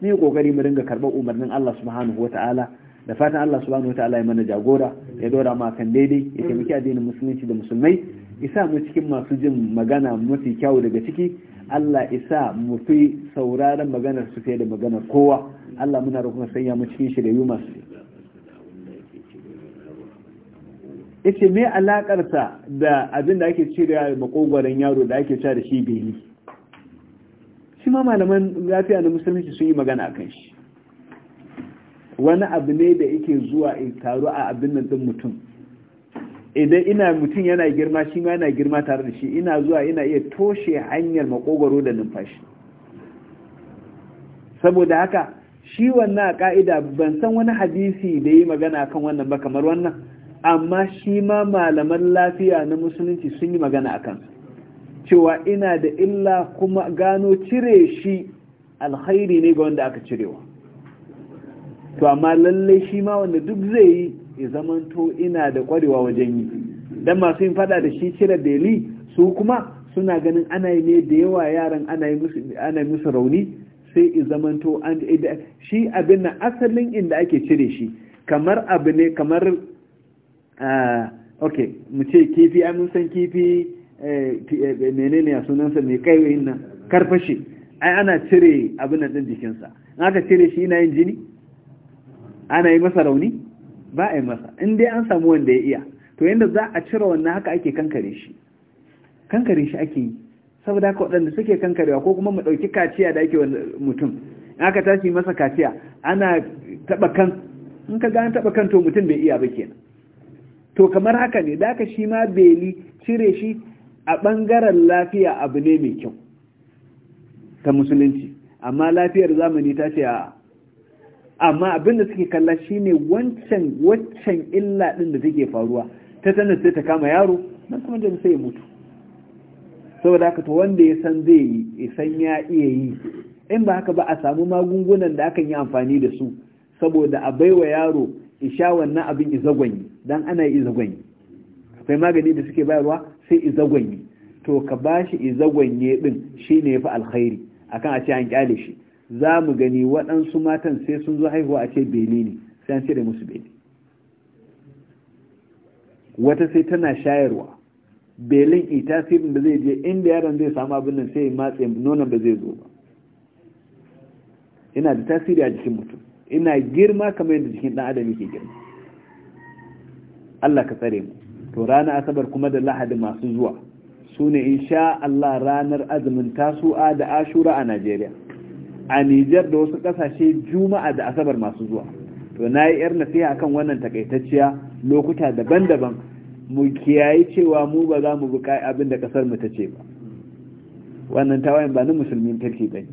mu yi kokari mu dinga karɓar umarnin Allah subhanahu wataala da fatan Allah subhanahu wataala ya mana jagora ya dora ma kan daidai ya taimaki addinin musulunci da musulmai isa mu cikin masu jin magana mafi kyau daga ciki Allah isa mu fi sauraron maganar su fiye da maganar kowa Allah muna roƙon sanya mu cikin shirye masu ce me alakarsa da abin da ake cire makogwaron yaro da ake cire da shi beli shi ma malaman lafiya na musulunci sun yi magana a akan shi wani abu ne da yake zuwa in taru a abin nan din mutum idan ina mutum yana girma shi ma yana girma tare da shi ina zuwa ina iya toshe hanyar makogwaro da numfashi saboda haka shi wannan ka'ida ban san wani hadisi da yi magana kan wannan ba kamar wannan amma shi ma malaman lafiya na musulunci sun yi magana akan cewa ina da illa kuma gano cire shi alkhairi ne ga wanda aka cirewa to amma lallai shi ma wanda duk zai yi ya zamanto ina da kwarewa wajen yi dan masu yin fada da shi cire deli su kuma suna ganin ana yi ne da yawa yaran ana yi musu rauni sai ya zamanto an shi abin na asalin inda ake cire shi kamar abu ne kamar ok mu ce kifi an san kifi eh, eh, menene a sunansa mai kaiwayin nan karfashe ai ana cire abin nan ɗin jikinsa in aka cire shi yana yin jini ana yi masa rauni ba a yi masa in dai an samu wanda ya iya to yadda za a cire wannan haka ake kankare shi kankare shi ake yi saboda haka waɗanda suke kankarewa ko kuma mu ɗauki kaciya da ake mutum in aka tashi masa kaciya ana taɓa kan in ka an taɓa kan to mutum bai iya ba kenan to kamar haka ne da aka shi ma beli cire shi a ɓangaren lafiya abu ne mai kyau ta musulunci amma lafiyar zamani ta ce a amma abin da suke kalla shine wancan waccan illa din da take faruwa ta sanar sai ta kama yaro nan kuma jin sai ya mutu saboda haka to wanda ya san zai yi ya san ya iya yi in ba haka ba a samu magungunan da akan yi amfani da su saboda a baiwa yaro isha wannan abin izagwanyi dan ana yi izagwanyi akwai magani da suke bayarwa sai izagwanyi to ka bashi izagwanye din shine fi alkhairi akan a ce an kyale shi za mu gani waɗansu matan sai sun zo haihuwa a ce beli ne sai an cire musu beli wata sai tana shayarwa belin ita tasirin da zai je inda yaron zai samu abin nan sai ya matse nonon ba zai zo ba ina da tasiri a jikin mutum ina girma kamar yadda jikin ɗan adam yake girma Allah ka tsare mu to ranar asabar kuma da lahadi masu zuwa su ne insha Allah ranar azumin tasu'a da ashura a Najeriya a Nijar da wasu ƙasashe juma'a da asabar masu zuwa to na yi yar nasiha akan wannan takaitacciya lokuta daban-daban mu kiyaye cewa mu ba za mu buƙa abin da ƙasar mu ta ce ba wannan tawayen ba ni musulmin kirki ba ne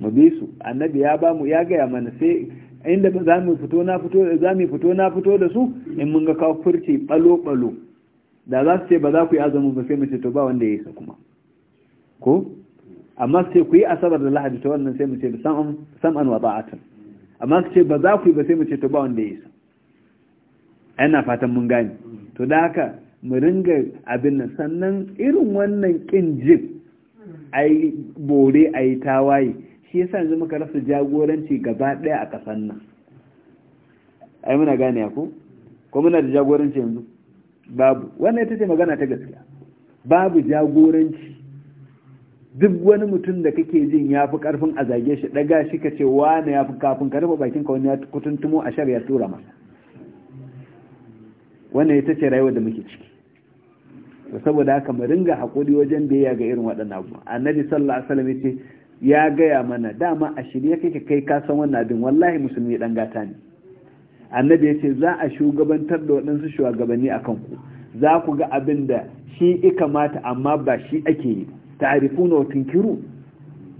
mu bi su annabi ya ba mu ya gaya mana sai inda za mu fito na fito za mu fito na fito da su in mun ga kawo furci balo-balo da za su ce ba za ku yi azumin ba sai mu ce to ba wanda ya isa kuma ko amma sai ku yi asabar da lahadi ta wannan sai mu ce sam'an wa ba'atan amma su ce ba za ku yi ba sai mu ce ta ba wanda ya isa ana fatan mun gane to da haka mu ringa abin nan sannan irin wannan kin jin ai bore ai tawaye shi yasa yanzu muka rasa jagoranci gaba ɗaya a ƙasar nan ai muna gane ya ko ko muna da jagoranci yanzu babu wannan ita ce magana ta gaskiya babu jagoranci duk wani mutum da kake jin ya fi karfin a zage shi daga shi ka ce na ya fi kafin ka rufe bakin ka wani ya kutuntumo a shari'a tura masa wannan ita ce rayuwar da muke ciki to saboda haka mu ringa hakuri wajen da ya ga irin waɗannan abu annabi sallallahu alaihi wasallam yace ya gaya mana dama a shirye kake kai ka san wannan abin wallahi musulmi dan gata ne annabi yace za a shugabantar da waɗansu shugabanni akan ku za ku ga abin da shi ikamata amma ba shi ake yi ba ta'rifuna wa tunkiru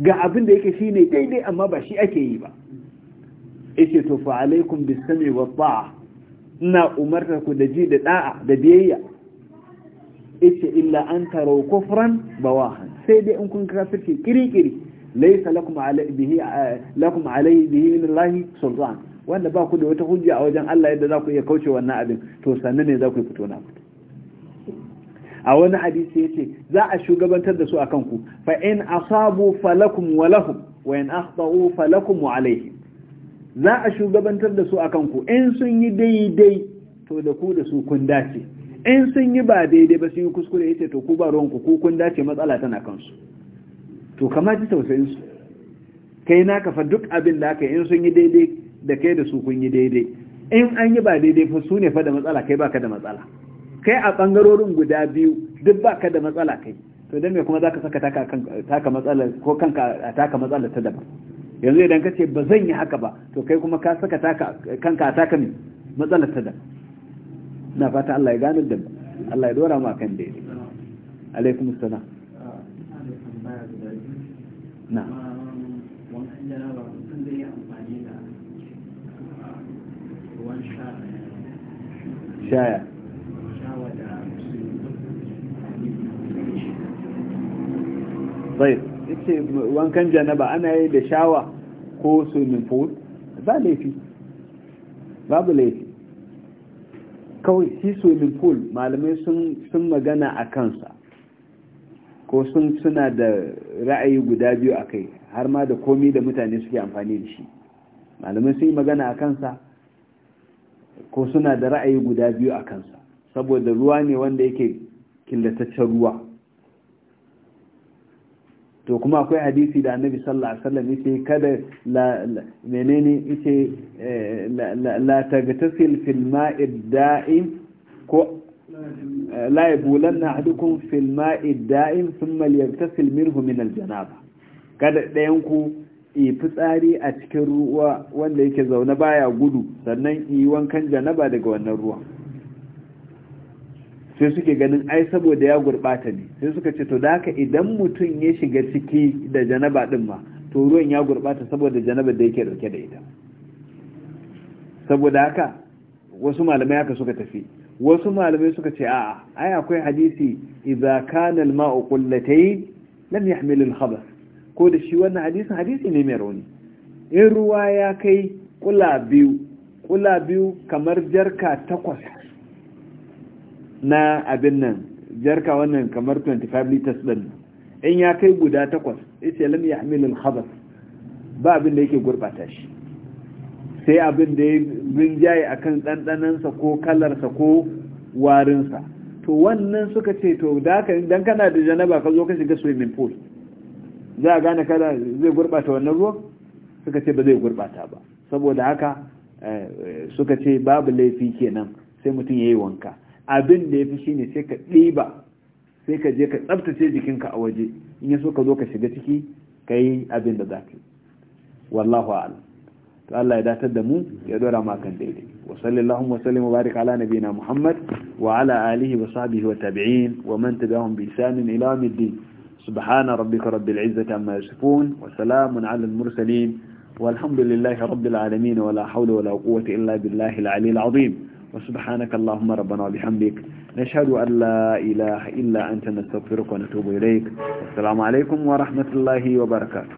ga abin da yake shine daidai amma ba shi ake yi ba yace to fa alaikum bis-sam'i wat ina umarta ku da ji da da'a da biyayya yace illa an taraw kufran bawahan sai dai in kun kafirce kiri-kiri laisa lakum alaihi bihi min sultan wanda ba ku da wata hujja a wajen Allah yadda za ku iya kauce wannan abin to sannan ne za ku fito na fito a wani hadisi ce, za a shugabantar da su a kanku, fa in asabu falakum wa lahum wa in akhtau falakum wa Alayhi. za a shugabantar da su a kanku, in sun yi daidai to da ku da su kun dace in sun yi ba daidai ba sun yi kuskure yace to ku ba ruwanku ku kun dace matsala tana kansu to kamata tausayin su kai na kafa duk abin da aka yi in sun yi daidai da kai da su kun yi daidai in an yi ba daidai fa su ne fa da matsala kai baka da matsala kai a bangarorin guda biyu duk baka da matsala kai to dan me kuma zaka saka taka taka matsala ko kanka a taka matsala ta daban yanzu idan ka ce ba zan yi haka ba to kai kuma ka saka taka kanka a taka ne matsala ta daban na fata Allah ya gane da Allah ya dora mu akan daidai alaikum assalam na shaya ghair yace wankan janaba ana yi da shawa ko swimming pool ba laifi babu laifi kawai shi swimming pool malamai sun sun magana a kansa ko sun suna da ra'ayi guda biyu a kai har ma da komi da mutane suke amfani da shi malamai sun yi magana a kansa ko suna da ra'ayi guda biyu a kansa saboda ruwa ne wanda yake killataccen ruwa to kuma akwai hadisi da annabi sallallahu alaihi wasallam yace kada la menene yace eh, la tagtasil fil ma'i da'im ko eh, la yabulanna ahadukum fil ma'i da'im thumma yaghtasil minhu min al janaba kada dayan ku yi fitsari a cikin ruwa wanda yake zaune baya gudu sannan yi wankan janaba daga wannan ruwan sai suke ganin ai saboda ya gurɓata ne sai suka ce to da haka idan mutum ya shiga ciki da janaba ɗin ma to ruwan ya gurɓata saboda janaba da yake ɗauke da ita saboda haka wasu malamai haka suka tafi wasu malamai suka ce a'a ai akwai hadisi idza kana al-ma'u qullatayn lam yahmil al ko da shi wannan hadisin hadisi ne mai rauni in ruwa ya kai kula biyu kula biyu kamar jarka takwas na abin nan jarka wannan kamar 25 liters din in ya kai guda takwas ita lam yahmil al ba abin da yake gurbata shi sai abin da ya rinjaye akan sa ko kalarsa ko warinsa to wannan suka ce to da dan kana da janaba ka zo ka shiga swimming pool za a gane kada zai gurbata wannan ruwan suka ce ba zai gurbata ba saboda haka eh, suka ce babu laifi kenan sai mutum ya yi wanka abin da ya fi shine sai ka ɗiba sai ka je ka tsabtace jikinka a waje in ya so ka zo ka shiga ciki ka yi abin da za ka wallahu to Allah ya datar da mu ya dora mu kan daidai wa sallallahu wa sallim wa ala nabiyina muhammad wa ala alihi wa sahbihi wa tabi'in wa man tabi'ahum bi ihsan ila yawmiddin subhana rabbika rabbil izzati amma yasifun wa salamun ala al mursalin والحمد لله رب العالمين ولا حول ولا قوة إلا بالله العلي العظيم وسبحانك اللهم ربنا وبحمدك نشهد أن لا إله إلا أنت نستغفرك ونتوب إليك السلام عليكم ورحمة الله وبركاته